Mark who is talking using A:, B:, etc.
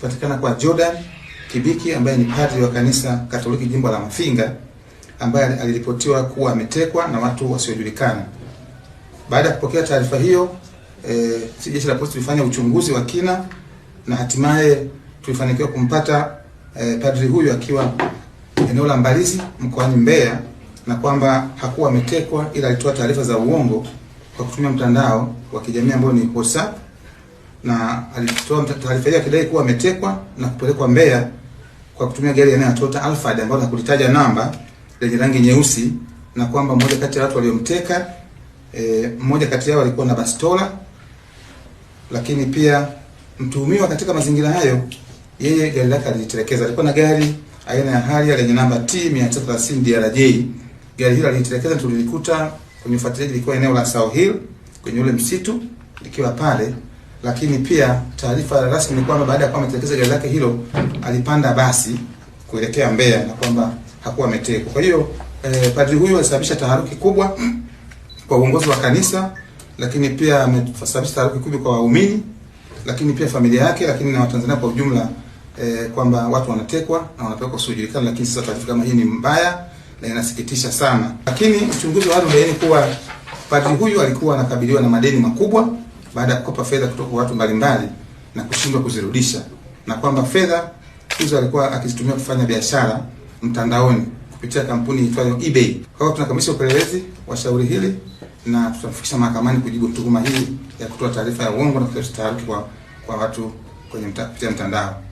A: kupatikana kwa Jordan Kibiki ambaye ni padri wa kanisa Katoliki jimbo la Mafinga ambaye aliripotiwa kuwa ametekwa na watu wasiojulikana. Baada ya kupokea taarifa hiyo e, si jeshi la polisi tulifanya uchunguzi wa kina na hatimaye tulifanikiwa kumpata e, padri huyu akiwa eneo la Mbalizi mkoani Mbeya, na kwamba hakuwa ametekwa, ila alitoa taarifa za uongo kwa kutumia mtandao wa kijamii ambao ni WhatsApp na alitoa taarifa hiyo akidai kuwa ametekwa na kupelekwa Mbeya kwa kutumia gari aina ya Toyota Alphard ambalo hakulitaja namba lenye rangi nyeusi, na kwamba mmoja kati ya watu waliomteka e, mmoja kati yao alikuwa na bastola. Lakini pia mtuhumiwa katika mazingira hayo, yeye gari lake alijitelekeza. Alikuwa na gari aina ya Harrier lenye namba T 330 DRJ. Gari hilo alijitelekeza, tulilikuta kwenye ufuatiliaji, lilikuwa eneo la Sao Hill kwenye ule msitu likiwa pale lakini pia taarifa rasmi ni kwamba baada ya kuwa ametelekeza gari lake hilo alipanda basi kuelekea Mbeya na kwamba hakuwa ametekwa. Kwa hiyo eh, padri huyu alisababisha taharuki kubwa kwa uongozi wa kanisa, lakini pia amesababisha taharuki kubwa kwa waumini, lakini pia familia yake, lakini na Watanzania kwa ujumla eh, kwamba watu wanatekwa na wanapelekwa kusijulikana. Lakini sasa taarifa kama hii ni mbaya na inasikitisha sana, lakini uchunguzi wa awali ulibaini kuwa padri huyu alikuwa anakabiliwa na madeni makubwa baada ya kukopa fedha kutoka kwa watu mbalimbali na kushindwa kuzirudisha, na kwamba fedha hizo alikuwa akizitumia kufanya biashara mtandaoni kupitia kampuni iitwayo eBay. Kwa hiyo tunakamilisha upelelezi wa shauri hili na tutafikisha mahakamani kujibu tuhuma hii ya kutoa taarifa ya uongo na kutoa taharuki kwa, kwa watu kwenye mta, kupitia mtandao.